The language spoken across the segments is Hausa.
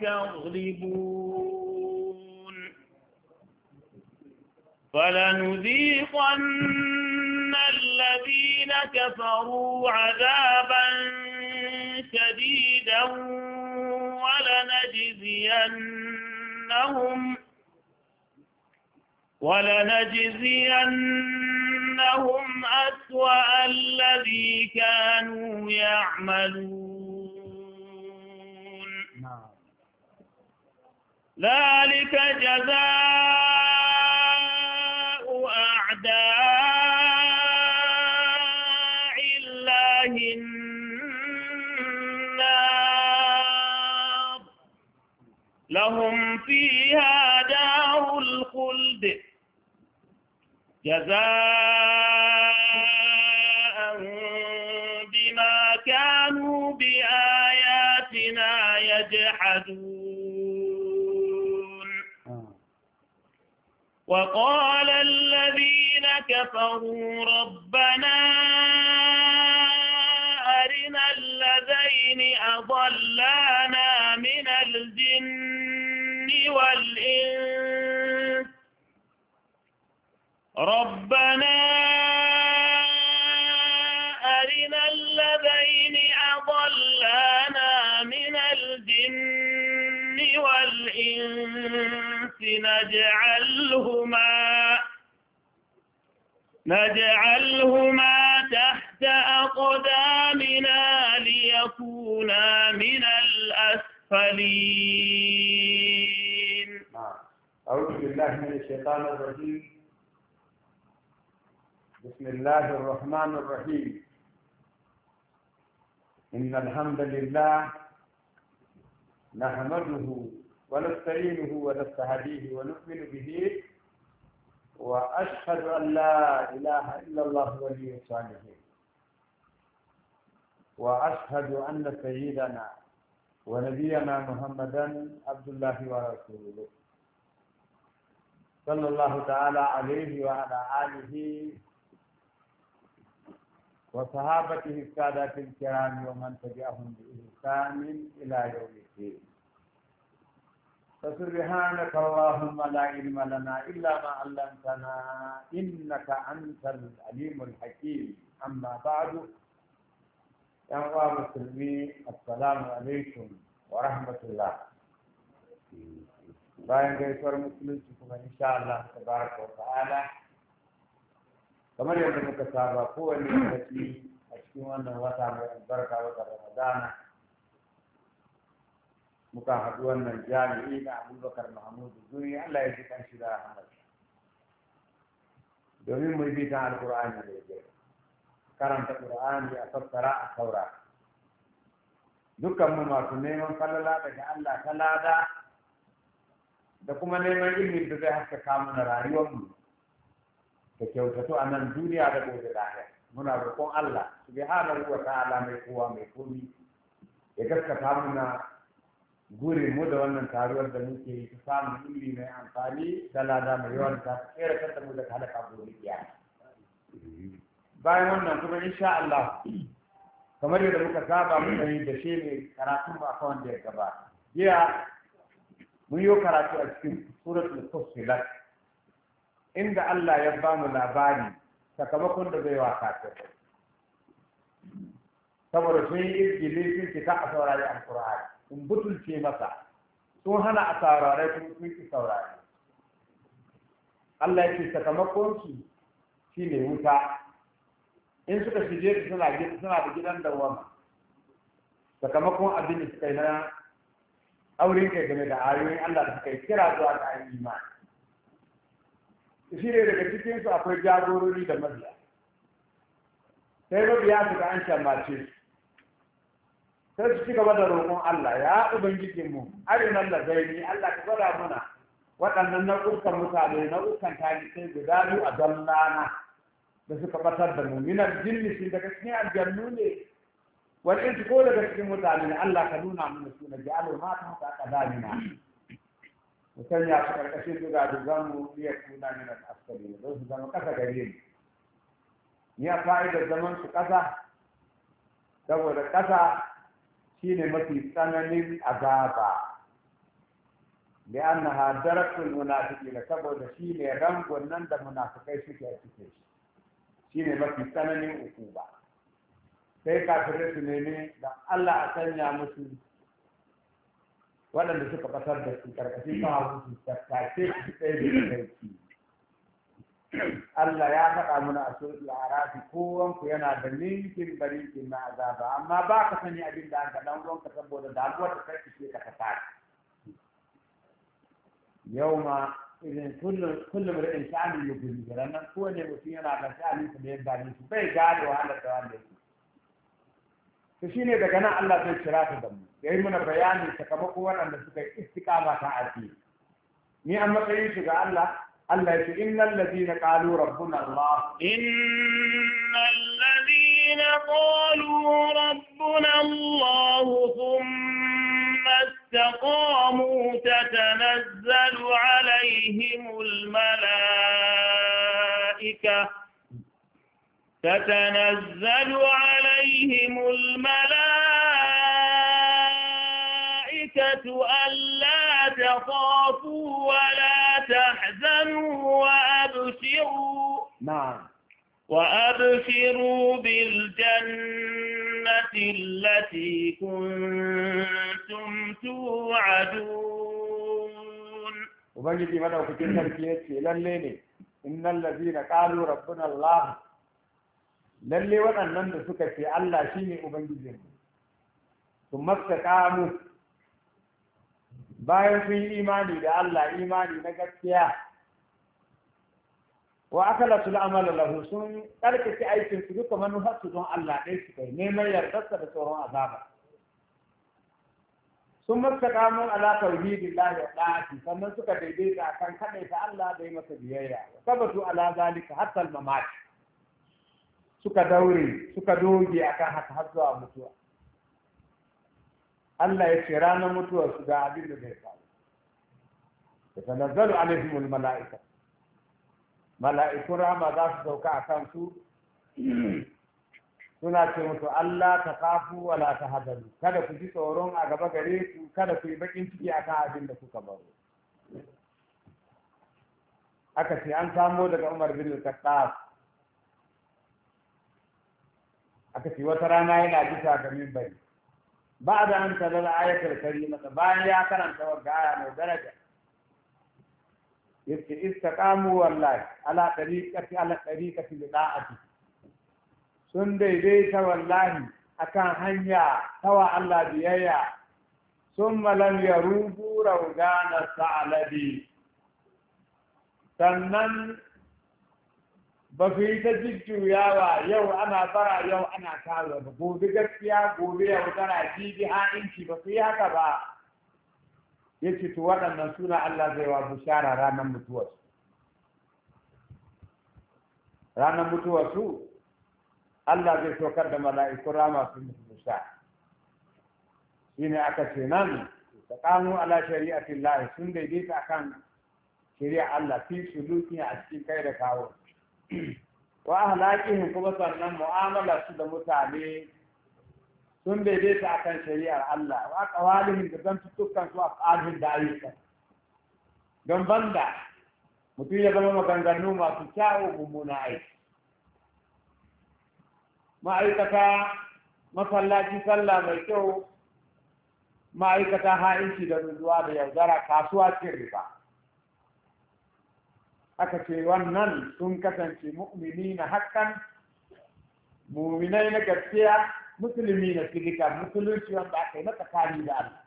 تغلبون فلنذيقن الذين كفروا عذابا شديدا ولنجزينهم ولنجزينهم أسوأ الذي كانوا يعملون ذلك جزاء أعداء الله النار لهم فيها دار الخلد جزاء وقال الذين كفروا ربنا أرنا الذين أضلانا من الجن والإنس ربنا أرنا الذين أضلانا من الجن والإنس نجعلهما نجعلهما تحت أقدامنا ليكونا من الأسفلين نعم. أعوذ بالله من الشيطان الرجيم بسم الله الرحمن الرحيم إن الحمد لله نحمده ونستعينه ونستهديه ونؤمن به وأشهد أن لا إله إلا الله ولي الصالحين وأشهد أن سيدنا ونبينا محمدا عبد الله ورسوله صلى الله تعالى عليه وعلى آله وصحابته السادات الكرام ومن تبعهم بإحسان إلى يوم الدين فسبحانك اللهم لا علم لنا إلا ما علمتنا إنك أنت العليم الحكيم أما بعد يا مسلمين السلام عليكم ورحمة الله bayan gaisuwar musulunci kuma insha Allah tabaraka wa ta'ala kamar yadda muka saba kowane lokaci a cikin wannan wata mai albarka wata Ramadana muka haɗu wannan jami'i na abubakar mahamudu zuri allah ya ji shi da rahama domin mu bi ta alƙur'ani da yake karanta ƙur'ani a tattara a saura dukkan masu neman falala daga allah ta lada da kuma neman ilimin da zai haskaka mana rayuwarmu da kyautatu a nan duniya da gobe lahira muna roƙon allah subhanahu wa ta'ala mai kowa mai komi ya gaskata muna gurin mu da wannan taruwar da muke yi ta samun ilimi mai amfani da lada mai yawan ta ta tsere kanta mu da halaka gobe bayan wannan kuma insha Allah kamar yadda muka saba mu yi da shi ne karatu ba kawai da ya gaba jiya mun yi karatu a cikin suratul fusilat inda Allah ya ba mu labari sakamakon da bai wa kafirai saboda sun yi izgili sun ci ta a saurari alkur'ani sun butulce masa sun hana a saurare sun ki saurare Allah ya ce su shi ne wuta in suka shige su suna suna da gidan dawama sakamakon abin da suka yi na auren kai game da ayoyin Allah da suka yi kira zuwa ga ayin imani shi ne daga cikin su akwai jagorori da mabiya sai mabiya su ga an shamace su sai su ci gaba da roƙon Allah ya ubangiji mu Allah zai zaini Allah ka gwada muna waɗannan nau'ukan mutane na nau'ukan talisai guda biyu a dallana da suka batar da mu minar jinni shi daga cikin aljannu ne Wani in ko daga cikin mutane Allah ka nuna mana su na ja'alu ma ta haka kadamina mu ya su karkashin duga dugan mu liya kuna min al-asfali don su zama ƙasa gare ni a fa'idar zaman su ƙasa saboda ƙasa. ne mafi tsananin azaba لأنها munafiki na saboda shi ne rangon nan da munafikai suke a cikin shi shi ne mafi tsananin ukuba sai kafirai su nemi da Allah a sanya musu waɗanda suka fasar da su karkashin kawo su tattace su tsaye da kai Allah ya faɗa muna a suratul arafi kowan ku yana da ninkin barikin na azaba amma ba ka sani abin da aka dan ruwanka saboda damuwar da kai ce ka Yau ma, idan kullum kullum da insani ya gudu ranan kowane mutum yana da sha'anin sa da yadda ne su bai gane wahalar da wanda yake to shine daga nan Allah zai kira ta da mu yayi mana bayani sakamako waɗanda suka yi istiqama ta addini ni an matsayin shi ga Allah التي إن الذين قالوا ربنا الله إن الذين قالوا ربنا الله ثم استقاموا تتنزل عليهم الملائكة تتنزل عليهم الملائكة ألا تخافوا ولا تحزنوا وأبشروا نعم وأبشروا بالجنة التي كنتم توعدون وبنجي مدى وكتير تركيات في الليلة إن الذين قالوا ربنا الله للي وأنا نمد في الله شيني وبنجي ثم استقاموا bayan sun yi imani da Allah imani na gaskiya wa akalatu amala lahu sun karkace aikin su duka manufarsu don Allah ɗaya su kai neman yardarsa da tsoron azaba sun mastaka kamun ala tauhidin lahi wa sannan suka daidaita kan kaɗaita Allah da yi masa biyayya sabatu ala zalika hatta al-mamat suka daure suka doge akan haka har zuwa mutuwa Allah ya ce ranar mutuwar su ga abin da zai faru da tanazzalu alaihimul mala'ika mala'ikun rahama za su sauka a kansu suna ce mutu Allah ta kafu wala ta hadaru kada ku ji tsoron a gaba gare ku kada ku yi bakin ciki kan abin da kuka baro aka ce an samo daga Umar bin Khattab aka ce wata rana yana bisa ga minbari بعد أن تلا الآية الكريمة باين يا كلام تور آية من درجة استقاموا والله على طريقة على طريقة بداعتي sun daidaita wallahi akan hanya tawa Allah biyayya sun malam ya rubu raugana sa'alabi sannan ba su yi ta jujjuyawa yau ana bara yau ana kawo ba gobe gaskiya gobe yau tana jibi inci ba su yi haka ba ya ce to waɗannan suna Allah zai wa bushara ranar mutuwarsu ranar mutuwarsu Allah zai saukar da mala'iku rama su musu bushara shi ne aka ce nan da kamo ala shari'atin lahi sun daidaita akan shari'a Allah fi suluki a cikin kai da kawo wa ahlakihim kuma sannan mu'amalar su da mutane sun daidaita kan shari'ar Allah wa aqwalihim da zantukan su afalihim da ayyuka don banda mutum ya zama maganganu masu kyawu mummuna aiki ma'aikata masallaci sallah mai kyau ma'aikata ha'inci da zuwa da yaudara kasuwa cin riba aka ce wannan sun kasance mu'mini na haƙƙan mu'minai na gaskiya musulmi na sidika musulunci wanda aka yi na tsakani da Allah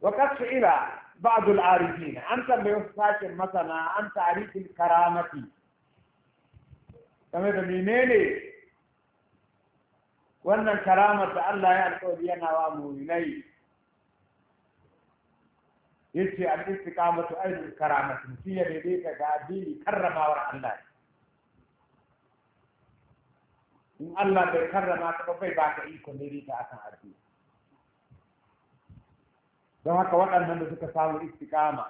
wa kasu ira ba'dul arifin an tambayi wasu sashen masana an tarihin karamati game da menene wannan karamar da Allah ya alƙawari yana wa mu'minai يلتي على الاستقامة أيضا الكرامة في يديك قادين كرم ورا الله إن الله بكرم أتقبل بعد إيكو نريد أسان عدين ده كوات أن هندس كسام الاستقامة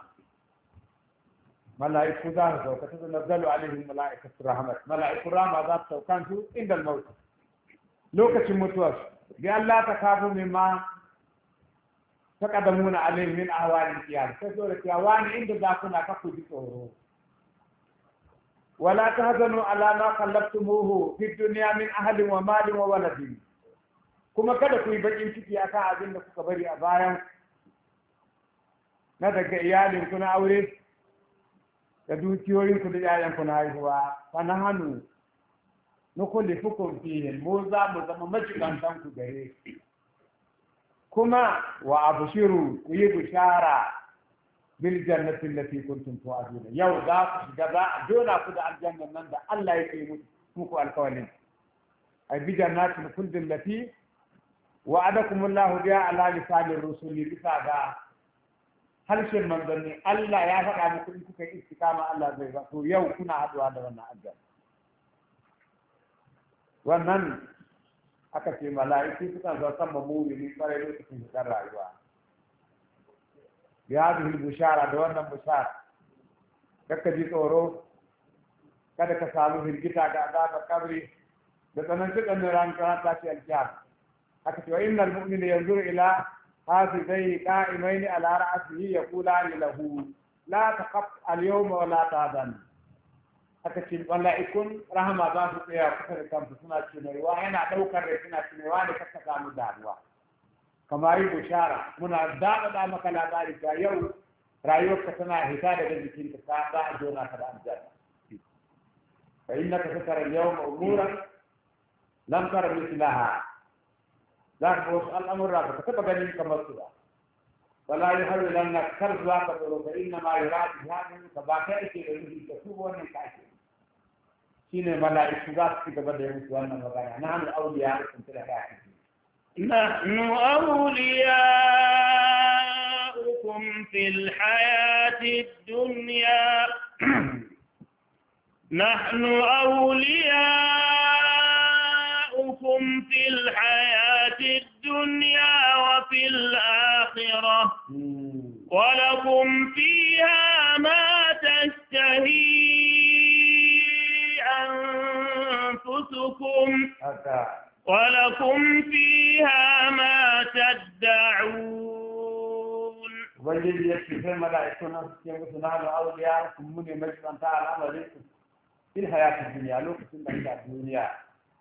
ملائكة خدار كتب نزلوا عليه الملائكة الرحمة ملائكة الرحمة ذات سوكان عند الموت لو كتب متوش بأن لا تخافوا مما takadamuna alaihi min ahwali tiyar sai dole tiya wani inda za kuna ka ku ji tsoro wala tahzanu ala ma khallaftumuhu fi dunya min ahalin wa malin wa waladin kuma kada ku yi bakin ciki akan abin da kuka bari a bayan na daga iyalin na aure da dukiyoyin ku da iyayen na haihuwa sana hannu nukulifukun fiye mu za mu zama majigantan ku gare kuma wa abshiru ku yi bishara bil jannati allati kuntum tu'aduna yau za ku shiga za a jona ku da aljannan nan da Allah yake muku alkawalin ay bi jannatin kuntum lati wa'adakum Allahu biha ala lisanir rusuli bisa ga harshen manzanni Allah ya faɗa muku in kuka yi istikama Allah zai ba to yau kuna haɗuwa da wannan aljanna wannan aka ce mala'iki suka zo san ne mumini kwarai lokacin fitar rayuwa ya zuhi bushara da wannan bushara kakka ji tsoro kada ka samu hirgita ga azabar kabri da tsananci ɗan ran ta ce alkiyar aka ce wa innal mu'mina yanzuru ila hafizai qa'imaini ala ra'sihi yaqulani lahu la taqaf al-yawma wa la tadan aka ce mala'ikun rahama za su tsaya kusa da kansu suna cinewa yana ɗaukar rai suna cinewa da kasa samu damuwa kamar yi bushara muna daɗa da maka labari ga yau rayuwarka tana hita daga jikinka ta za a jona ka da aljanna fa innaka satara yawma umuran lam tara mithlaha za ka wasu al'amurra ba ka taɓa ganin kamar su ba ولا يحل لنا كرزا فإنما يراد بها منك باكر كي يريد تسوب ونكاشف نحن أولياؤكم في الحياة الدنيا نحن أولياؤكم في الحياة الدنيا وفي الآخرة ولكم فيها ما تشتهي ربكم ولكم فيها ما تدعون وجد يكفي ملائكتنا يقولون على الأولياء لكم من يمجد أن تعالى مليكم في الحياة الدنيا لوك في الحياة الدنيا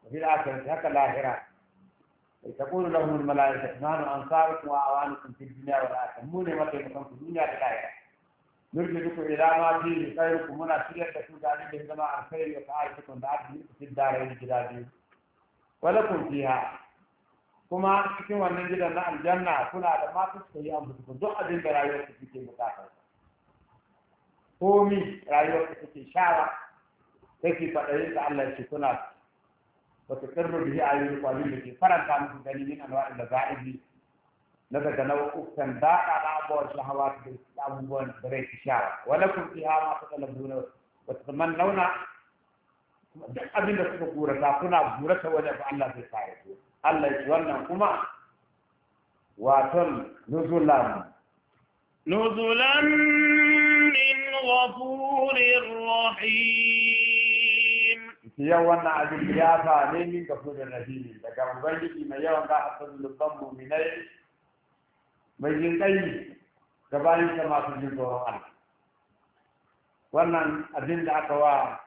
وفي الآخرة هكا الآخرة تقول لهم الملائكة نحن أنصاركم وأعوانكم في الدنيا والآخرة من يمجد أن تعالى مليكم nurgi duku ila ma fi khairukum muna shiryar da su da ne zama alkhairi wa ta'atukum da abdi fiddarai gidaji wala kun fiha kuma cikin wannan gidan na aljanna kuna da matu su yi amfani da duk da rayuwar su take bukata komi rayuwar su take shara take fadari da Allah ya ce kuna wata a bihi ayyukum wa bihi faranta musu gani min anwa'il da bi. na daga nau'ukan daɗa na abubuwan shahawa da abubuwan da rai shawa wala kun fi ha ma kuka labuna wata zaman nauna duk abin da suka gurata kuna gurata wani abu Allah zai kare su Allah ya wannan kuma waton nuzulan nuzulan min ghafurir rahim ya wannan abin ya ba ne min ghafurir rahim daga ubangiji mai yawan ga hasan lubban mu'minai mai jin kai da bayan masu jin tsoron Allah wannan abin da aka wa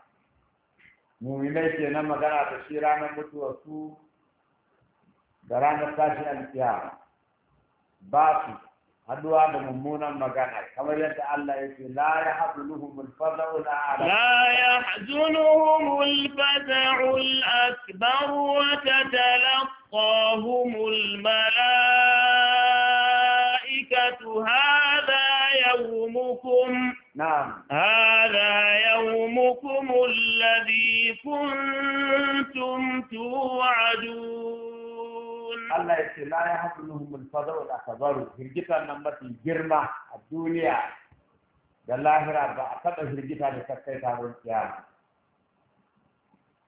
muminai ke nan magana da shi ranar mutuwar su da ranar tashi alkiyama ba su haduwa da mummunan magana kamar yadda Allah ya ce la ya hazunuhum al-faza'u ala la ya hazunuhum al-faza'u wa tatalaqqahum هذا يومكم نعم هذا يومكم الذي كنتم توعدون الله يسلا يحصلهم الفضل والأخبار هرجتا نمتي جرمة الدنيا da lahira ba a taɓa hirgita da kakkai taron kiyama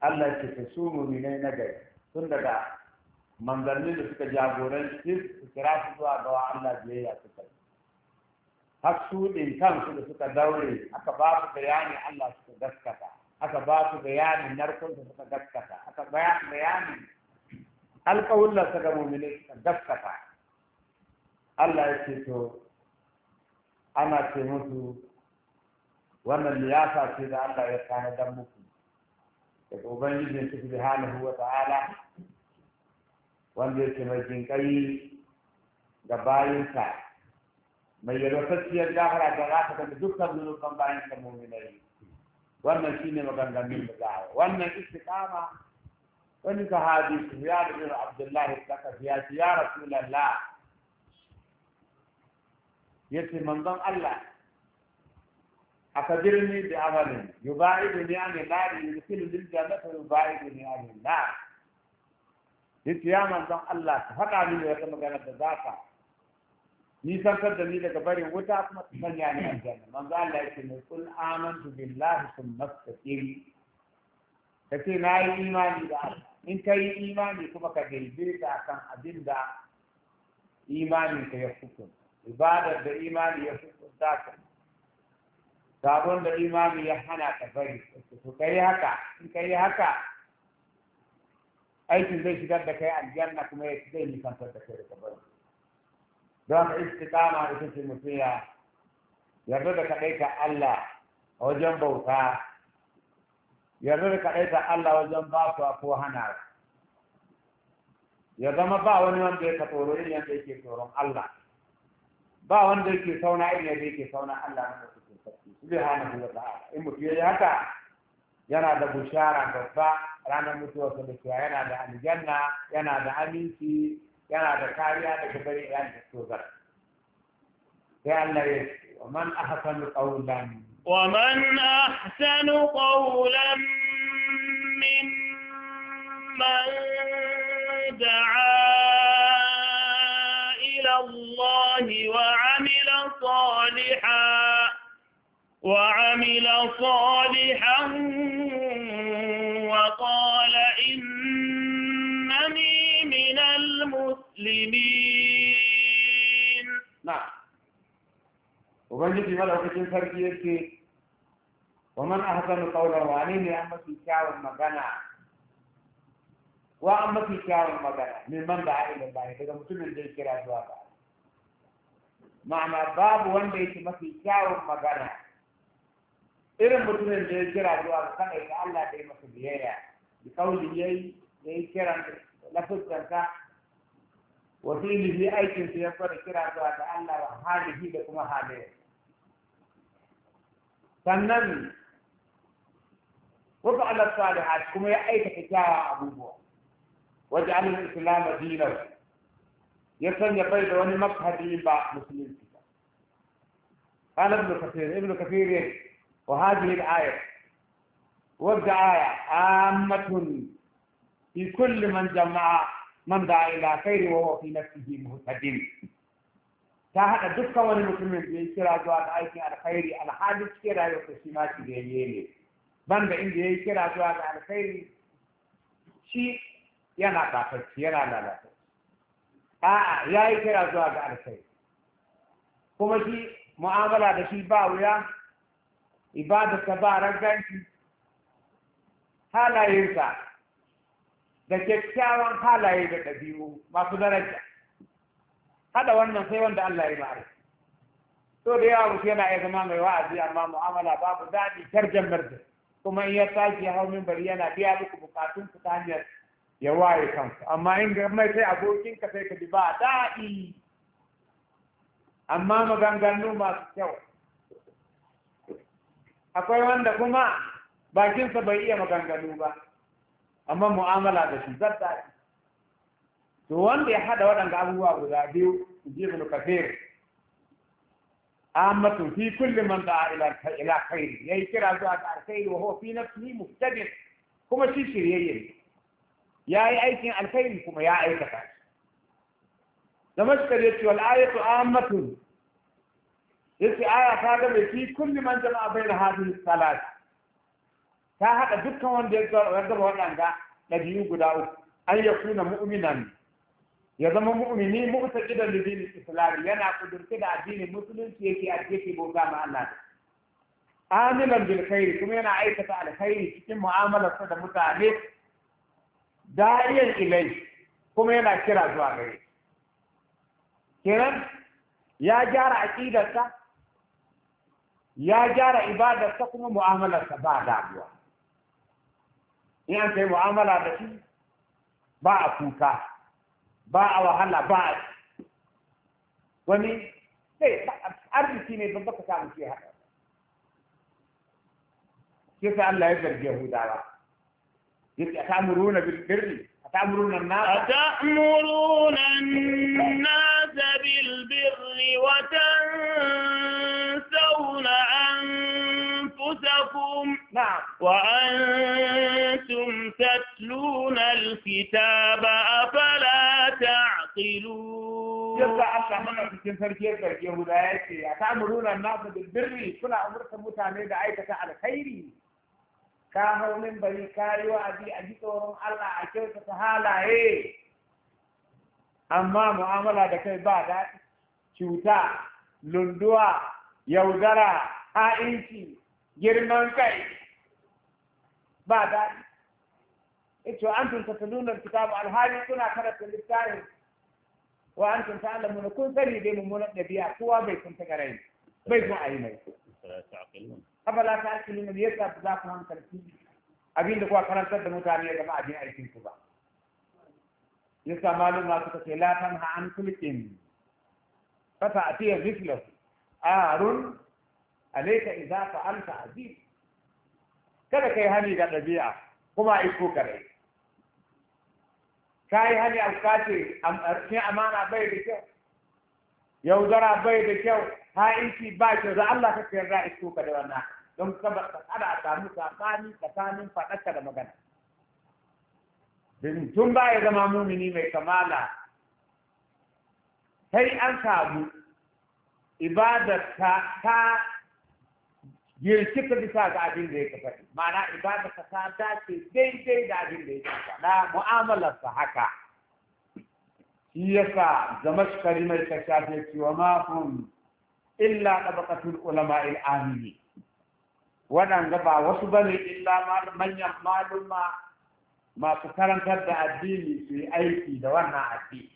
Allah ke ta su muminai na gari tun daga manzanni da suka jagoranci su kira su zuwa gawa Allah biyayya suka yi har kansu da suka daure aka ba su bayanin Allah suka gaskata aka ba su bayanin narkon su suka gaskata aka ba su bayanin alƙawullar su ga mummune suka gaskata Allah ya ce to ana ce musu wannan liyasa ce da Allah ya tanadar muku daga Ubangijin su hali huwa ta'ala wanda ce mai jinƙai ga bayinsa mai yalwatacciyar gafara da za ta tafi dukkan zunuban bayan ka mu'minai wannan shine maganganun da za a wannan istiqama wani sahabi Sufyan bin Abdullah al-Thaqafi ya ce ya Rasulullah yace manzon Allah akabirni bi amalin yubaiduni an nari yudkhilu lil jannati yubaiduni an nar yace ya manzon Allah ka faɗa mini wata magana da zaka Nisan da ni daga barin wuta kuma ta sanya ni aljanna manzo Allah yake ne kul amantu billahi thumma istaqim kace na yi imani da Allah in ka yi imani kuma ka daidaita akan abin da imanin ka ya hukunta ibadar da imani ya hukunta ka sabon da imani ya hana ka bari to kai haka in kai haka aikin zai shigar da kai aljanna kuma ya zai nisantar da kai daga barin don istiqama ita ce mutum ya yarda da kaɗai ka Allah a wajen bauta yarda da kaɗai ka Allah wajen ba su ko hana ya zama ba wani wanda ya tsoro irin yadda yake tsoron Allah ba wanda yake sauna irin yadda yake sauna Allah na su ke sarki subhanahu wa ta'ala in mutum yayi haka yana da bushara babba ranar mutuwarsa da cewa yana da aljanna yana da aminci yana da kariya daga bari yan da tsogar sai Allah ya ce wa man ahsanu qawlan wa man ahsanu qawlan mimman da'a ila Allah wa amila salihan وعمل صالحا وقال المسلمين نعم وبنجي مالا وكتين فرقي يكي ومن أحسن قولا وعنيني أما في شعر المغنى وأما في شعر المغنى ممن دعا إلى الله كذا مسلم زي كرا زوابا معنى باب وان بيت ما في شعر المغنى إذا مسلم زي كرا زوابا كان إذا الله دي مسلم يا بقول يي يي كرا لفظ كذا وطيني في أي شيء سيفر كراسة أن هذه هي لكم هذه تنم وفعل الصالحات كما أي تكتا أبو الإسلام دينا يسن يقيد وني مقهد إبا مسلم قال ابن كثير ابن كثير وهذه الآية وابدأ عامة في كل من جمع man da ila khairi wa fi nafsihi muhtadin ta hada dukkan wani mutumin da ya kira zuwa ga aikin alkhairi alhadis cikin rayuwar shi ma shi da yayi ne banda inda ya kira zuwa ga alkhairi shi yana kafirci yana lalata a'a ya kira zuwa ga alkhairi kuma shi mu'amala da shi ba wuya ibadarsa ba raganci halayensa da kyakkyawan halaye da ɗabi'u masu daraja hada wannan sai wanda Allah ya ma'arifa to da yawa mutum yana iya zama mai wa'azi amma mu'amala babu daɗi tarjan marda kuma in ya tashi ya hau bari yana biya muku bukatun ku ta hanyar ya waye kansu. amma in ga mai sai abokin ka sai ka ji ba daɗi amma maganganu masu kyau akwai wanda kuma bakinsa bai iya maganganu ba amma mu'amala da shi zan to wanda ya hada waɗanda abubuwa guda biyu in ji ibn kafir ammatun fi kulli man da ila ila khair yayi kira zuwa ga alkhairi wa huwa fi nafsihi muqtadir kuma shi shiryayye yayi aikin alkhairi kuma ya aikata Damashkar ya ce wal'ayatu ammatun yace aya ta game fi kulli man jama'a bai da hadin salat ta haɗa dukkan wanda ya gaba waɗanda ɗabi'u guda uku an ya kuna mu'minan ya zama mu'mini mu'taqidan li dinin yana kudurce da addinin musulunci yake a cikin bauta ma Allah amilan bil kuma yana aikata alkhairi cikin mu'amalarsa da mutane da'iyan ilai kuma yana kira zuwa gare Kiran ya gyara aqidarsa ya gyara ibadarsa kuma mu'amalarsa ba damuwa in an kai mu'amala da shi ba a kuka ba a wahala ba a wani sai arziki ne babba ka samu ke haɗa sai sai Allah ya zargi Yahudawa yace atamuruna bil birri atamuruna an-nas atamuruna an-nas bil birri wa tansawna anfusakum na'am wa an يتلون الكتاب أفلا تعقلون يبقى الله من bikin sarki yadda Yahuda ya ce a ta'amuruna nasu bil birri kuna umurta mutane da aikata alkhairi ka hau min bari ka yi wa'azi a ji tsoron Allah a kyautata halaye amma mu'amala da kai ba daɗi cuta lunduwa yaudara ha'inci girman kai ba daɗi إنتوا أنتم تتلون الكتاب على هذه سنة كانت للسائل وأنتم تعلمون كل سري بين من النبي أقوى بيكم تقرأين بيكم أي ميت أفلا تعقلون يسا بذاكم نعم هم تركين أبين لكوا كانت تدمو تانية كما أبين أيكم كبا يسا مالو ما تتكي لا تنهى عن كل إن فتأتي مثله آرون عليك إذا فعلت عزيز كذا كي قد بيعه kuma a iko kare ka yi hali abu ka amana bai da kyau yaudara bai da kyau ha'inci ba kyau da Allah ka yarda isko ka da wannan don saboda kada a samu tsakani tsakanin faɗarka da magana tun ba ya zama mumini mai kamala sai an samu ibadar ta girki ka bisa ga abin da ya faɗi ma'ana ibada ka ta dace daidai da abin da ya faɗa mu'amalar sa haka shi yasa zama kalimar ka shafe cewa ma kun illa tabaqatul ulama al amini waɗanda ba wasu bane illa manyan maluma masu karantar da addini su yi aiki da wannan addini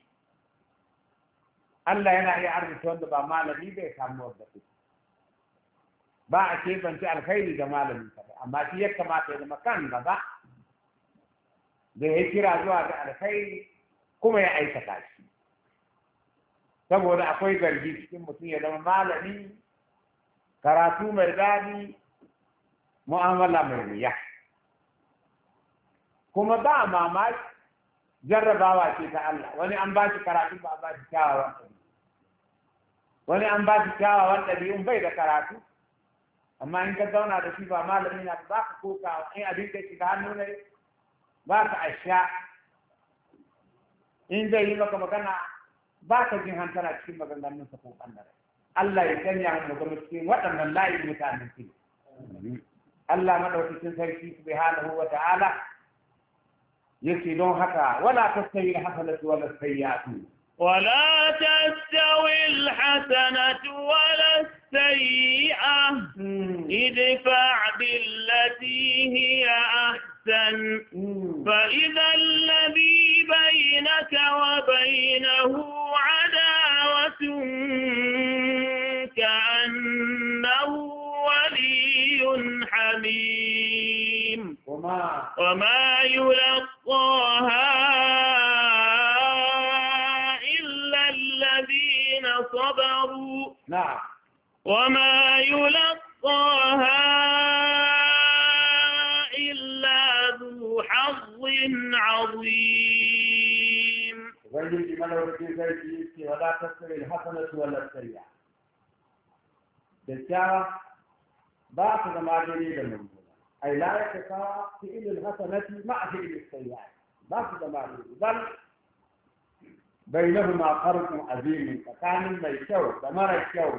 Allah yana iya arziki wanda ba malami bai samu wanda su ba a keɓance alkhairi ga malamin kaɗai amma shi ya kamata ya zama kan gaba da ya kira zuwa ga alkhairi kuma ya aikata shi saboda akwai zargi cikin mutum ya zama malami karatu mai daɗi mu'amala mai wuya kuma ba mamaki jarrabawa ce ta Allah wani an ba shi karatu ba a ba shi kyawawan ɗabi'u wani an ba shi kyawawan ɗabi'un bai da karatu amma in ka zauna da shi ba malami na za ka koka in abin da shiga hannu ne ba ka asha in zai yi maka magana ba ka jin hantara cikin maganganun ko kandare Allah ya sanya mu ga cikin waɗannan layin mutanen ki Allah madaukakin sarki subhanahu wa ta'ala yake don haka wala tasayir hasalatu wala sayyatu ولا تستوي الحسنة ولا السيئة ادفع بالتي هي أحسن فإذا الذي بينك وبينه عداوة كأنه ولي حميم وما, وما يلقاها صبروا نعم وما يلقاها إلا ذو حظ عظيم ويجي ملو الجزائي ولا تستوي الحسنة ولا السيئة بالشارع باقي ما جريد منه أي لا يتفاق فعل الحسنة مع في فعل السيئة باقي ما جريد بل bainahuma farqun azim tsakanin mai kyau da mara kyau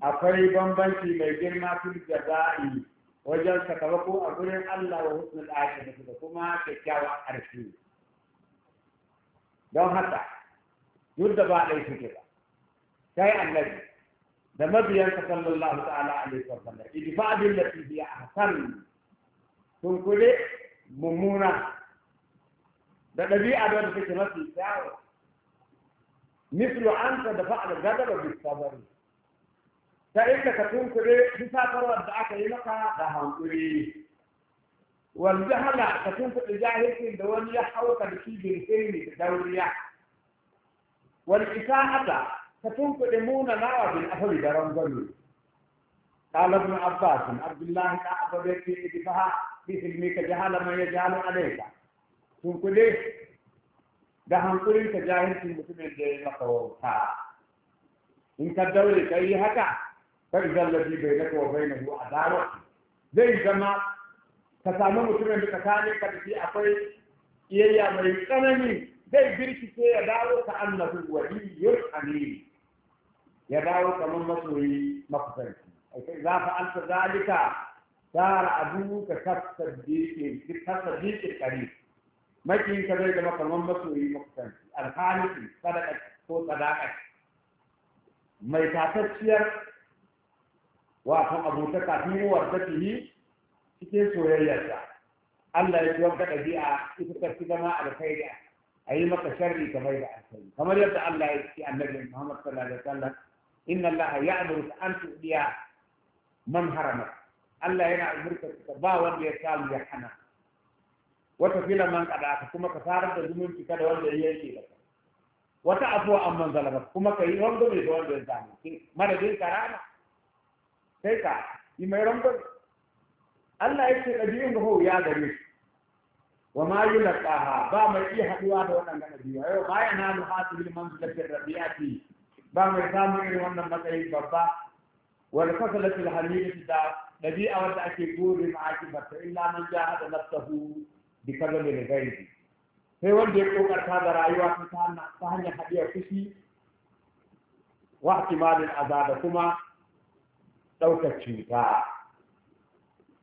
akwai bambanci mai girma fil jaza'i wajen sakamako a gurin Allah wa husnul akhirah da kuma kyakkyawan arshi don haka duk da ba ɗai suke ba sai annabi da mabiyansa sallallahu ta'ala alaihi wa sallam idfa bil lati hi ahsan kun kule mummuna دبيعة ده اللي كنت مثل مثل أنت دفع الجدل بالصبر فإنك تكون كده بسا ترى دعاك لك دهان هنقري والجهل تكون في جاهل ده ولي حوك بشي بنتين بدورية والإساءة تكون في مونا نوى بالأهل برمضان قال ابن عباس عبد الله تعبدك إذ بها بسلمك جهل ما يجعل عليك tunkule da hankulin ka jahilcin mutumin da ya maka wauta in ka daure ka yi haka kar zallabi bai na kowa bai na zuwa a dawa zai zama ka samu mutumin da tsakanin ka da shi akwai iyayya mai tsanani zai birkice ya dawo ka Wani, waliyyun amini ya dawo kamar masoyi makusanci aikai za fa alta zalika tara abuka kasaddiqin kasaddiqin qarib مكي كذا كما قلنا مسوي مكتن الحالي صدق هو صدق ما يتحسب شير وافهم ابو تكاثير وردته كتير سوريا جاء الله يتوقع كذي اتكت كما الخير اي مكشر كما يدعى الخير كما يبدا الله في النبي محمد صلى الله عليه وسلم ان الله يامر ان تؤذي من حرمك الله ينعم بركه تباوى بيسال يحنك wata fila man kada kuma ka farar da zumunci kada wanda ya yake da ka wata afuwa an man zalaba kuma ka yi rangwame da wanda ya zalunci madadin karama sai ka yi mai rangwame Allah ya ce ɗabi'un ga ya gare shi wa ma yi laƙaha ba mai iya haɗuwa da wannan ɗabi'u yau ba ya na luhatu bil manzilatin ce. ba mai samun irin wannan matsayin babba Wani fasalatil hamidati da ɗabi'a wanda ake gode ma'akibarta illa man jahada nafsahu bi kadamil ghaibi sai wanda ya kokarta da rayuwa ta hanyar hadiyar fushi wa ihtimalil azaba kuma ɗaukar cuta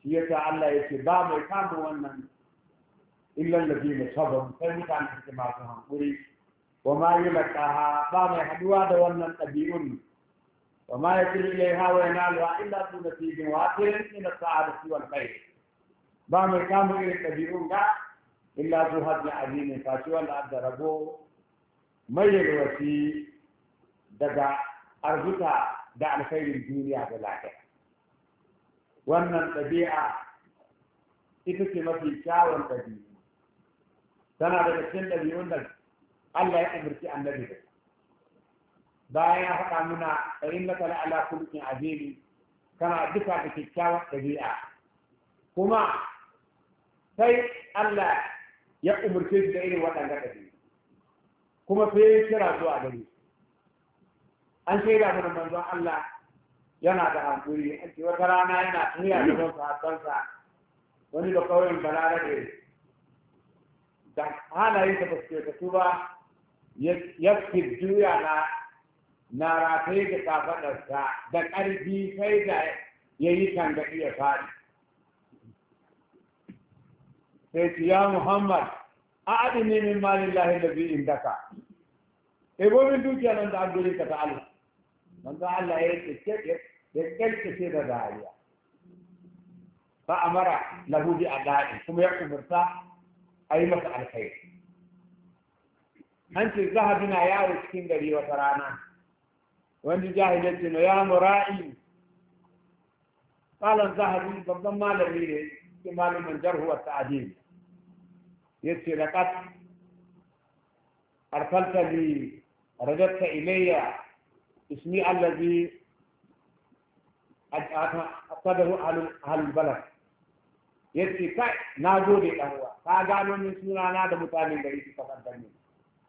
shi yasa Allah yake ba mai kama wannan illan da bi musabban sai mutane suke masu hankuri wa ma yulqaha ba mai haduwa da wannan ɗabi'un wa ma yakil ilaiha wa yanaluha illa bi nasibin wa atin min as-sa'adati wal khair ba mai kamun irin ɗabi'un ga illa zu hajji azimin fashi wanda adda rabo mai wasi daga arzuta da alkhairin duniya da lafiya wannan ɗabi'a ita ce mafi kyawun ɗabi'u tana daga cikin ɗabi'un da Allah ya umarci annabi da bayan ya faɗa muna fa innaka la ala khuluqin kana duka da kyakkyawar ɗabi'a kuma sai Allah ya umurce shi da irin waɗanda ɗabi'u kuma sai ya kira zuwa gari an shaida mana manzon Allah yana da hankuri a cewa wata rana yana tuniya da don sahabbansa wani da kauyen balarabe da halayen da basu ta su ba ya fi juya na na rataye da kafaɗarsa da ƙarfi sai da ya yi tangaɗi ya faɗi sai ce ya muhammad a adini min malin lahi da bi indaka ebo min dukiya nan da an gurin ka ta Allah manzo Allah ya ce ke ya kalkace da dariya fa amara lahu bi adai kuma ya umurta ayi masa alkhairi an ce zahabina yaro cikin gari wata rana wanda jahilin ce ya mura'i ƙalan zahabi babban malami ne cikin malumin jarhu wa ta'dil yace laqad arsalta li rajatta ilayya ismi allazi atadahu ahlul ahlul balad yace kai na gode dan uwa ka gano min sunana da mutanen gari suka fadda dani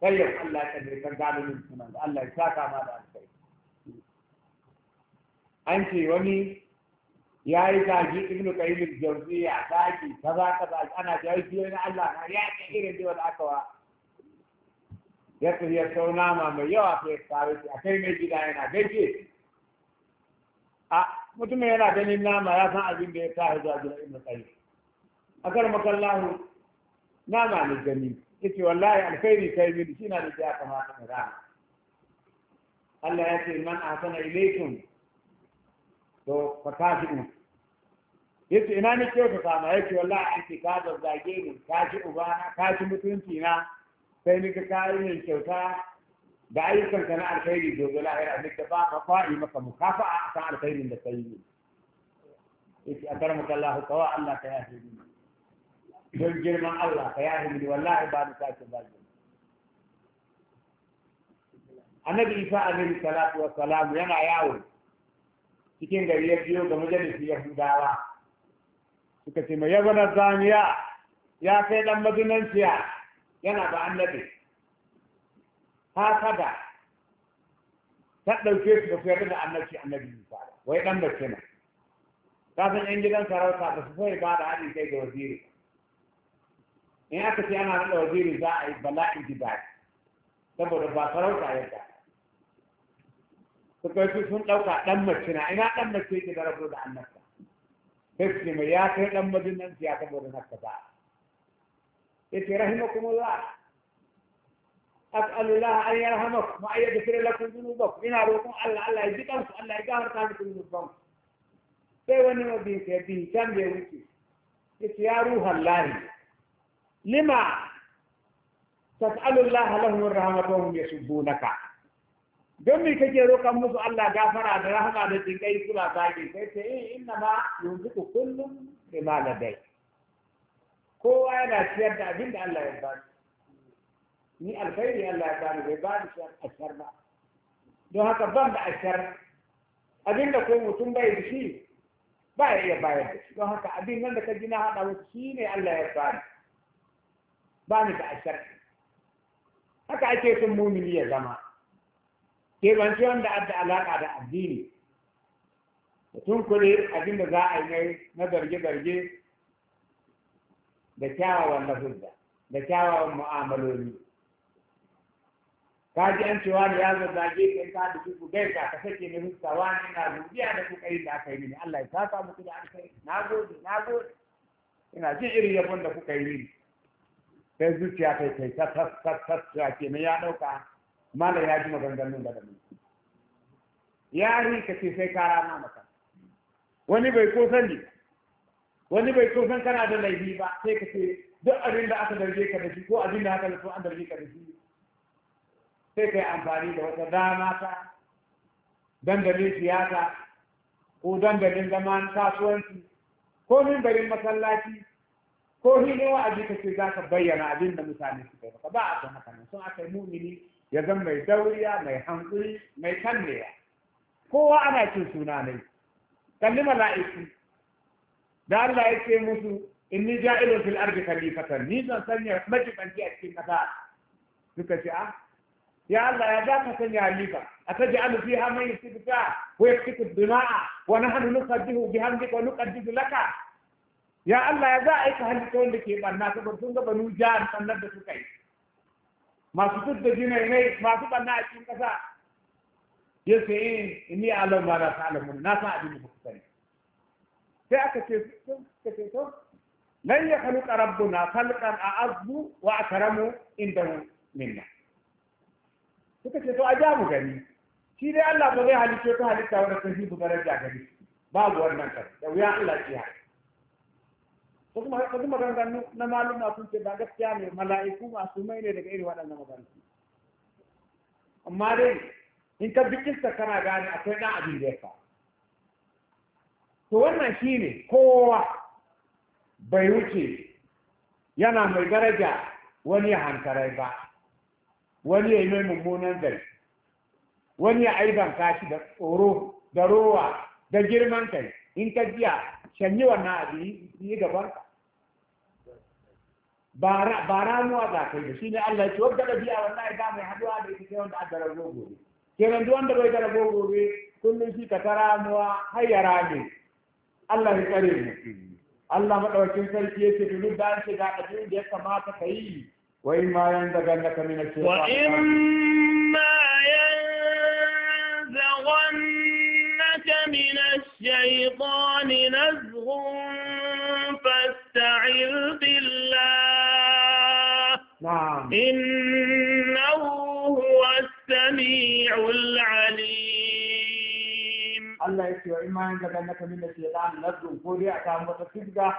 kai yau Allah ya kaddare ka gano min sunan Allah ya saka ma da alkai an ce wani ya yi zagi ibn qayyim jawziya zagi kaza kaza ana jayi biyo na Allah na ya ce irin da wanda aka wa ya tafi ya sau nama mai yawa sai kawo shi a mai gida yana gaishe a mutumin yana ganin nama ya san abin da ya sa zuwa gidan ibn qayyim akar makallahu nama ne gani yace wallahi alkhairi kai min shi na da ya kamata mu rana Allah ya ce man ahsana ilaykum to ka kafi'u yace ina ne kyauta sama yace wallahi an ce ka zazzage ni ka ci ubana ka ci mutunci na sai ni ka kayi min kyauta da ayyukan ka na alkhairi dogo lahira ni ka ba ka fa'i maka mukafa'a kan alkhairin da kai yi yace akaramaka Allah tawa Allah ka yafe ni don girman Allah ka yafe ni wallahi ba ni sake zage annabi isa alaihi salatu wa salam yana yawo cikin gari ya biyo ga majalisi yahudawa suka ce mai yabana zaniya ya kai dan mazunanciya yana ba annabi hasada ta ɗauke su da su yarda da annabci annabi musa wai dan mace na Ta san yan gidan sarauta ba su so ba da haɗin kai ga waziri in aka ce ana naɗa waziri za a yi bala'in gida saboda ba sarauta yadda suka yi sun ɗauka ɗan mace na ina ɗan mace yake da rabu da annabta sai mai ya kai ɗan majinan ya saboda nasa ba ya ce rahimakumullah as'alullah an yarhamakum wa ayyadfir lakum dhunubakum ina roƙon Allah Allah ya ji kanku Allah ya gafarta muku dhunubanku sai wani mabi sai bi can bai wuce yace ya ruhan lahi lima tas'alullah lahum rahmatuhum yasubbunaka don me kake roƙan musu Allah gafara da rahama da jinkai suna zage sai ce yi eh, inna ma ku kullum bima ladai kowa yana ciyar da abin da Allah ya bani ni alkhairi Allah ya bani bai bani shar ashar ba don haka ban da ashar abin da ko mutum bai da shi ba ya iya bayar da shi don haka abin nan da ka ji na haɗa wasu shi ne Allah ya bani bani da ashar haka ake son mumini ya zama keɓance wanda adda alaƙa da addini da tunkure abin da za a yi na zarge-zarge da kyawawan lafuzza da kyawawan mu'amaloli ka ji an cewa da ya zazzage kai ka da ku gaisa ka sake ni fuska wani ina zuciya da kuka yi da aka yi mini Allah ya saka muku da aka yi. na gode na gode ina jin irin yabon da kuka yi mini sai zuciya kai kai ta tas tas tas ya ke ya dauka malam ya ji maganganun da mun Ya ka ce sai ka na maka wani bai ko sani wani bai ko san kana da laifi ba sai ka ce duk abin da aka darje ka da shi ko abin da aka lafi an darje ka da shi sai ka yi amfani da wata dama ta dandalin siyasa ko dandalin zaman kasuwanci ko mimbarin masallaci ko a wa'azi ka ce za ka bayyana abin da mutane suka yi ba a san haka nan sun aka yi mumini ya zan mai dauriya mai hankuri mai kanneya kowa ana cin suna ne kalli mala'iku da Allah ya ce musu inni ja'ilu fil ardi khalifata ni zan sanya majibanci a cikin kasa suka ce a ah, ya Allah ya za ka sanya halifa a ta ji'alu fi ha man yusibuka wa yaktiku dima'a wa nahnu nuqaddihu bi hamdika wa nuqaddidu laka ya Allah ya za a yi ka halifa wanda ke barna saboda sun gaba banu ja'an sannan da suka yi masu duk da ne masu banna a cikin ƙasa ya ce in eh, ni alam ba da ta alamun na san abin da kuka sani sai aka ce ka ce to lan ya khaluqa rabbuna a a'azzu wa akramu inda minna suka ce to a ja mu gani shi dai Allah ba zai halitta ta halitta wanda sun fi daraja gari babu wannan kan da wuya Allah ya halitta wasu wasu maganganu na maluma sun ce ba gaskiya ne mala'iku masu mai ne daga irin waɗannan maganganu amma dai in ka bikinsa kana gane akwai ɗan abin da ya fa to wannan shi ne kowa bai wuce yana mai daraja wani ya hankarai ba wani ya yi mai mummunan gari wani ya aiban kashi da tsoro da rowa da girman kai in ka jiya shanyi wannan abu yi gaban ba ada za ka yi shi ne Allah ya ce wadda da biya wallahi da mai haduwa da ita sai wanda aka rago gobe kenan duk wanda bai da rago gobe kullum shi ka ta ramuwa har Allah ya tsare mu Allah madaukakin sarki yace duk da an ce ga abin da ya kamata ka wa in ma yanzaganaka min ash-shaytan wa in ma yanzaganaka min ash-shaytan nazghun fasta'il bil إنه هو السميع العليم الله يسوع إما أن تجنك من الشيطان نفسه فوري أتام وتفجع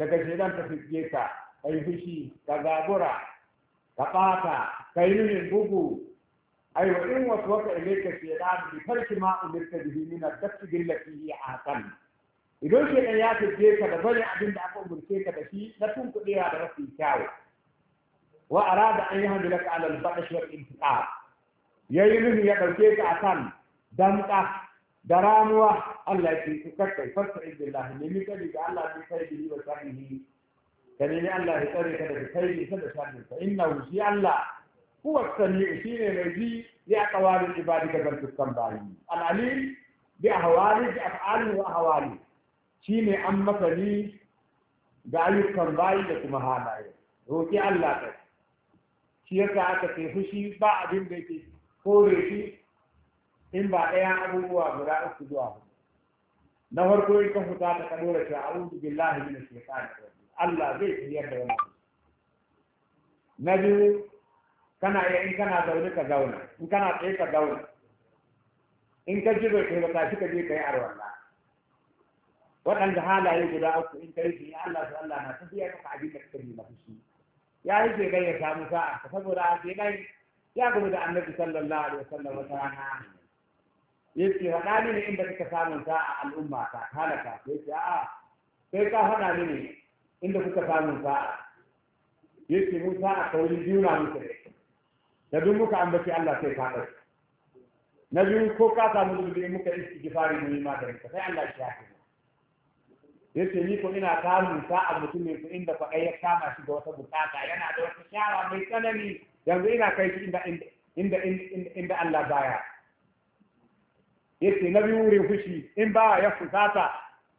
daga shaidan ta fiske ka kai fushi ka gagura ka ɓata ka yi nuhin bugu aiwa in wasu wata ilaika shaidan bi farki ma ulirta bihi min ad-dafi billati hi ahsan idan shaidan ya fiske ka da bane abin da aka umurce ka da shi na tunkuɗewa da rafi kyawu wa arada an yahmilaka ala al-badsh wal intiqam yayi nufi ya dauke ka akan damka da ramuwa Allah ya kakkai farsa billah ne mi kadi ga Allah bi kai bi wa sahihi kane ne Allah ya tsare ka daga kai ne da sharri fa hu shi Allah huwa shi ne mai ji ya qawali ibadi ga dukkan bayi al-alim bi ahwali bi af'ali wa ahwali ne an masani ga ayyukan bayi da kuma halaye roki Allah ka يرجع كتفشي بعد بيتي كوريتي إن بعد أيام أبوه أبدا أكتب دعاء نهار كوي كم فتاة كنورة أعوذ بالله من الشيطان الرجيم الله بيت يرجع نجو كنا إن كنا دولة كجونا إن كنا تيك كجونا إن كجيب كهلا تاشي كجيب كي أروى الله وأن هذا يجب أن يكون في الله سبحانه وتعالى في هذا الحديث الكريم ya yi shekai ya samu sa'a saboda a shekai ya gudu da annabi sallallahu alaihi wasallam wata rana ce faɗa ne inda kuka samun sa'a al'umma ta halaka ce a'a sai ka ne ne inda kuka samun sa'a ce mun sa'a kauri biyu na ne da duk muka ambaci Allah sai ka ɗauki na biyu ko ka samu zubi muka gifari mu yi magana sai Allah ya shafe yace ni ko ina samun a mutumin ku inda fa ya kama shi da wata bukata yana da wata shara mai tsanani yanzu ina kai shi inda inda inda Allah baya yace na biyu wurin fushi in ba ya fusata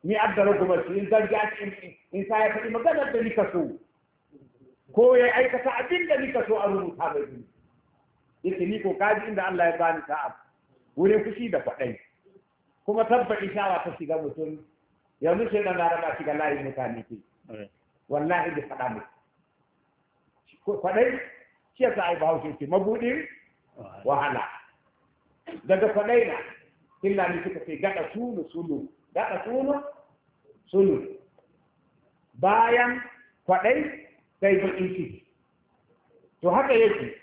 ni addara kuma shi in zan ji in sa ya faɗi maganar da nika so ko ya aikata abin da nika so a rubuta mai duniya yace ni ko kaji inda Allah ya bani sa'a wurin fushi da faɗai? kuma tabba ishawa ta shiga mutum yanzu sai nan laraba shi ga layin mutane ke eh. wallahi da faɗa mu kwaɗai shi yasa ai bahaushe ce mabuɗin wahala daga kwaɗai na illa ne suka ce gaɗa sulu sulu gaɗa sulu sulu bayan kwaɗai sai baƙin ciki to haka yake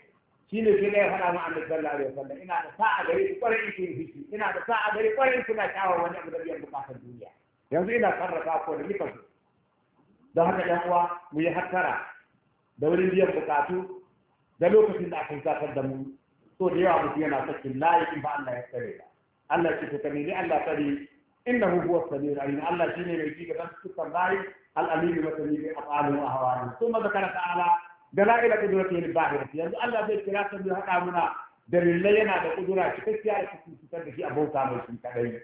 shi ne shi ne ya faɗa ma annabi sallallahu alaihi wasallam ina da sa'a gare ku kwarai in kun ina da sa'a gare kwarai kuna shawar wani abu da biyan bukatar duniya yanzu ina karrafa ko da nika don haka ɗan uwa mu yi hattara da wurin biyan bukatu da lokacin da aka zatar da mu so da yawa mutum yana sakin layakin in ba Allah ya tsare ba Allah ce ka ne Allah tsare innahu huwa as alim Allah shine mai ji gaban dukkan bayi al-alim wa sami'u af'alu wa hawani kuma zakara ta'ala dalaila qudratihi al-bahira yanzu Allah zai kira ta da hada muna dalilai yana da kudura cikakkiya da cikin fitar da shi abota mai shi kadai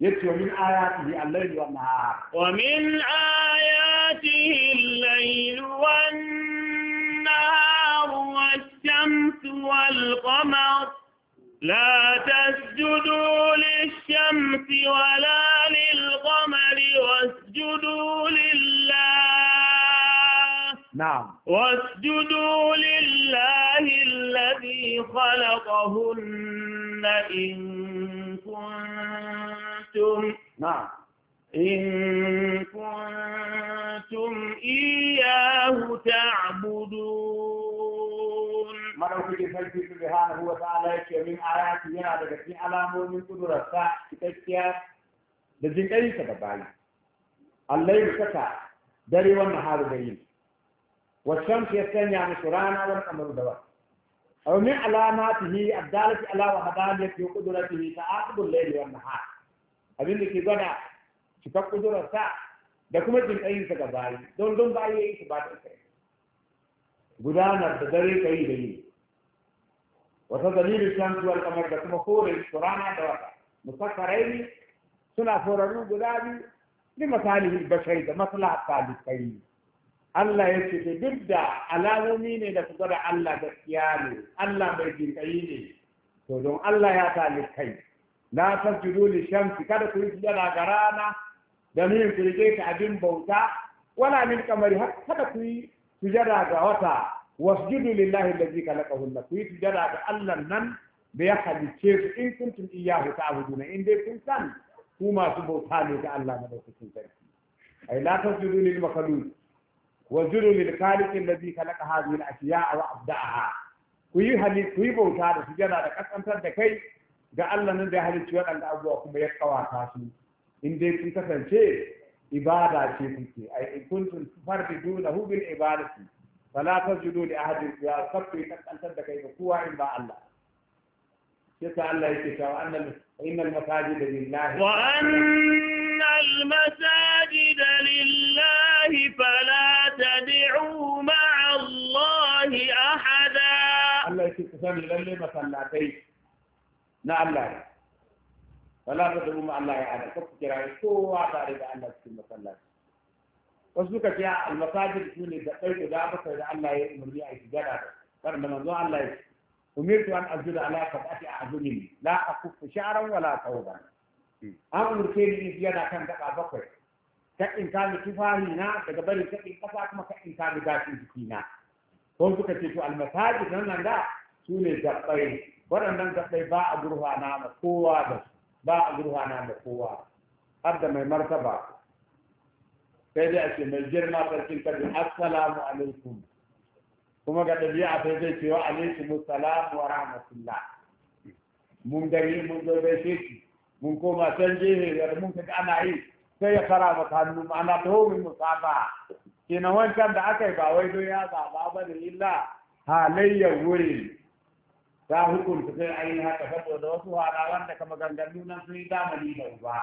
يتي ومن آياته الليل والنهار ومن آياته الليل والنهار والشمس والقمر لا تسجدوا للشمس ولا للقمر واسجدوا لله نعم واسجدوا لله الذي خلقهن إن كنتم كنتم نعم إن كنتم إياه تعبدون ما مرحبا سلسي سبحانه وتعالى من آيات ينا لكي علامه من قدرة تكتيا لذين أي سببين الليل سكا دري والنهار دليل والشمس يستني عن القرآن والقمر دوات أو من علاماته الدالة على في قدرته تعاقب الليل والنهار abin da ke gwada cikar kudurarsa da kuma jin ga bayi don don bayi ya yi su ba da kai gudanar da dare ka yi da yi wata dalilin shan wal kamar da kuma kore su rana da wata musakkarai suna forarru guda biyu ni misali bashari da maslaha talibai Allah ya ce da duk da alamomi ne da su gwada Allah gaskiya ne Allah mai jinkayi ne to don Allah ya talibai la tasjudu li kada ku yi sujada ga rana da min ku rike ta abin bauta wala min kamari kada ku yi ga wata wasjudu lillahi allazi khalaqahunna ku yi sujada ga Allah nan da ya halice su in kuntum iyyahu ta'buduna in dai kun san ku masu bauta ne ga Allah madaukakin sarki ai la tasjudu lil makhluq wasjudu lil khaliq allazi khalaqa hadhihi al-ashya'a wa abda'aha ku yi hali ku yi bauta da sujada da kasantar da kai ga Allah nan da ya halicci waɗanda abubuwa kuma ya kawata su in dai kun kasance ibada ce kuke ai in kuntum tufardiduna hu bil ibadati fala tasjudu li ahadin ya sabbi kankantar da kai ga kowa in ba Allah يسعى الله يكتب أن إن المساجد لله وأن المساجد لله فلا تدعوا مع الله أحدا الله يكتب لله مسلاتي na Allah ne wala ta dubu ma Allah ya ada ko ku kira kowa tare da Allah cikin masallaci wasu suka ce al-masajid su ne da kai da aka da Allah ya umarni a sujada kar da manzon Allah ya ce. umirtu an azuda ala kabati azumi la akuffu sha'ran wala tawban an umurce ni yana kan daka bakwai Ka in ka tufahi na daga barin ka in kasa kuma ka in ka gashin jiki na ko suka ce to al-masajid nan da su ne da waɗannan kaɗai ba a gurfana da kowa da ba a gurfana da kowa har da mai martaba sai dai a ce mai girma sarkin kaji assalamu alaikum kuma ga ɗabi'a sai zai cewa alaikum salamu wa rahmatullah mun gari mun zo bai shi mun koma san jihe da mun kaga ana yi sai ya fara maka hannu ana taho min musafa kenan wancan da aka yi ba wai don ya zaba ba da illa halayyar wuri. ta hukunta sai a yi haka saboda wasu halawan da kama gangannu nan sun yi zamani da uba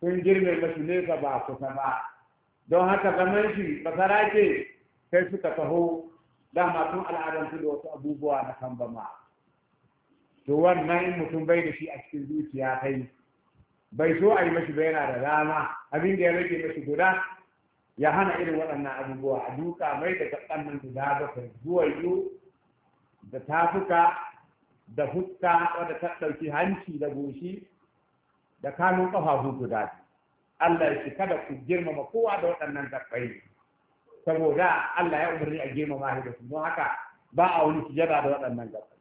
sun girme ba su nesa ba kusa ba don haka zaman shi basara ce sai suka taho dama tun al'adansu da wasu abubuwa na kan ma to wannan in mutum bai da shi a cikin zuciya kai bai so a yi mashi ba yana da dama abin da ya rage mashi guda ya hana irin waɗannan abubuwa a duka mai da gaɓɓan nan guda bakwai zuwa yiwu da tafuka da fuska wadda ta ɗauki hanci da goshi da kanun hutu da Allah ya kada ku girmama kowa da waɗannan dabbai saboda Allah ya umarni a girmama shi da su don haka ba a wani sujada da waɗannan dabbai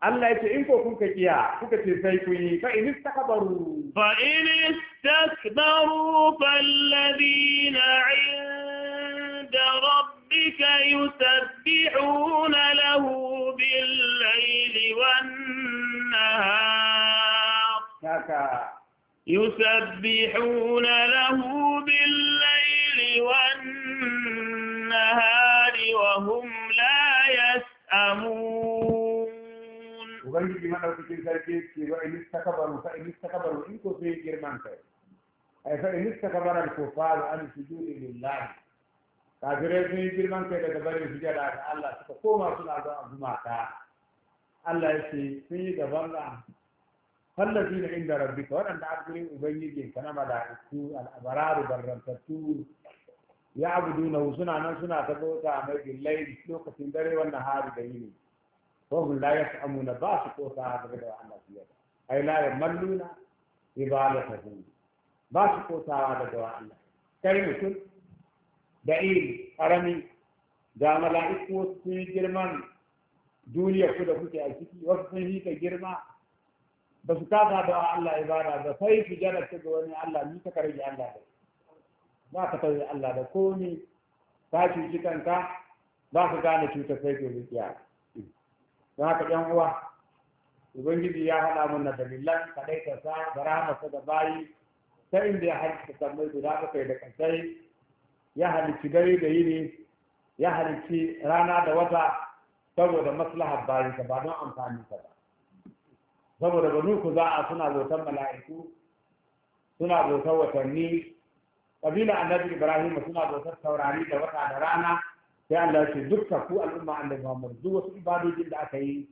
Allah ya ce in ko kun ka kiya kuka ce sai ku yi fa in istakbaru fa in istakbaru fal ladina 'inda rabb ربك يسبحون له بالليل والنهار يسبحون له بالليل والنهار وهم لا يسأمون وبنجي من لو تكين فإن كي وإن استكبروا فإن استكبروا إنكم في جرمان فإن استكبر الكفار عن سجود لله kafirai sun yi girman kai daga bari su sujada ga Allah suka koma suna zuwa a gumaka Allah ya ce sun yi gaban da fallafi da inda rabbika waɗanda a gurin ubangijin ka na mala'iku al'abararu barrantattu ya abudu na suna nan suna ta bauta mai billai lokacin dare wannan hari da yini ko hun la amuna ba su kota daga da Allah su yada ai la yamalluna ibadatahum ba su kotawa daga Allah kai mutum da'il karami da mala'iku wasu sun yi girman duniya ku da kuke a ciki wasu sun yi ka girma ba su kasa da Allah ibada ba sai su jarabta ga wani Allah ni ka karbi Allah da ba ka karbi Allah da komi ka cuci ka ba ka gane cutar sai ke zuciya don haka ɗan uwa ubangiji ya haɗa mana dalilan kaɗai ta sa da sa da bayi ta inda ya haɗa ta sammai guda bakwai da ƙasai ya halicci dare da yini ya halicci rana da wata saboda maslahar bayansa ba don amfani ba saboda ba ku za a suna bautan mala'iku suna bautan watanni kabila annabi ibrahim suna bautar taurari da wata da rana sai Allah ce dukka ku al'umma annabi Muhammad duk wasu ibadojin da aka yi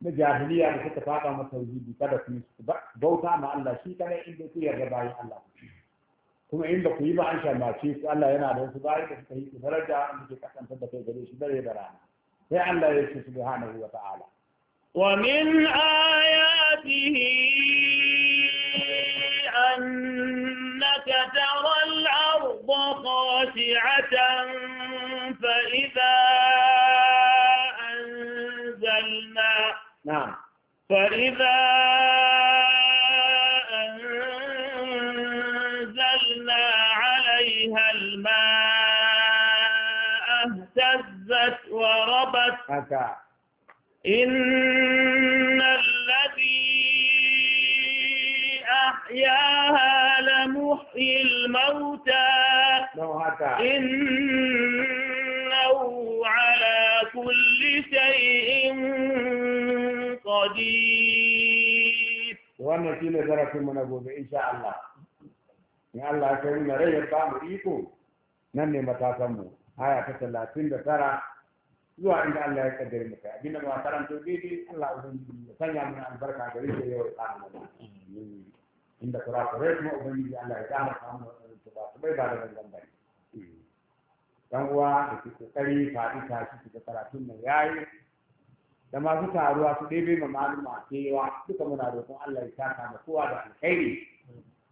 na jahiliya da suka fada masa tauhidi kada yi bauta ma Allah shi kadai inda ku yarda bayan Allah kuma in ba ku yi ba an shamace ku Allah yana da wasu bayan da suka yi ku daraja an suke kasantar da kai gare shi dare da rana sai Allah ya ce subhanahu wa ta'ala wa min ayatihi annaka tara al-ardh khashi'atan fa idza anzalna na'am fa idza haka innalladhi ahyaaha la muhyil mauta law haka innahu ala kulli shay'in qadir wannan shine zarafin mu na gobe insha Allah ya Allah kai mu rayyar ba mu iko nan ne matakan mu aya da tara. zuwa inda Allah ya kaddare mu kai abinda ba dai-dai Allah ubangiji ya sanya mana albarka da shi yau ya samu mana inda kura kure kuma ubangiji Allah ya kama samu su ba su bai ba da gangan bari dan uwa da ke kokari faɗi ta su da karatun mai yayi da masu taruwa su dai-dai ɗebe ma maluma kewa duka muna roƙon Allah ya saka da kowa da alkhairi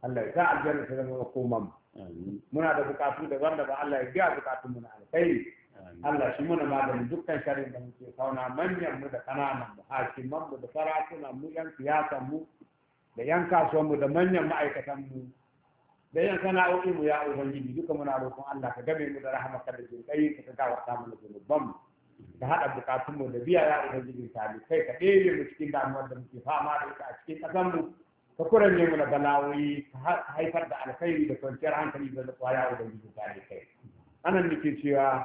Allah ya sa aljanna ta zama makoman muna da bukatu daban-daban Allah ya biya bukatun mu na alkhairi Allah shi muna magani dukkan sharin da muke kauna manyan mu da kananan mu hakiman mu da sarakunan mu yan siyasan mu da yan kasuwan mu da manyan ma'aikatan mu da yan sana'o'i mu ya ubangiji duka muna roƙon Allah ka game mu da rahmaka da jinkai ka gawarta mana da mu ka haɗa bukatun mu da biya ya ubangiji tali kai ka ɗebe mu cikin damuwar da muke fama da ita a cikin ƙasan mu ka kuranye mu na balawoyi ka haifar da alkhairi da kwanciyar hankali da kwaya ubangiji tali kai anan nake cewa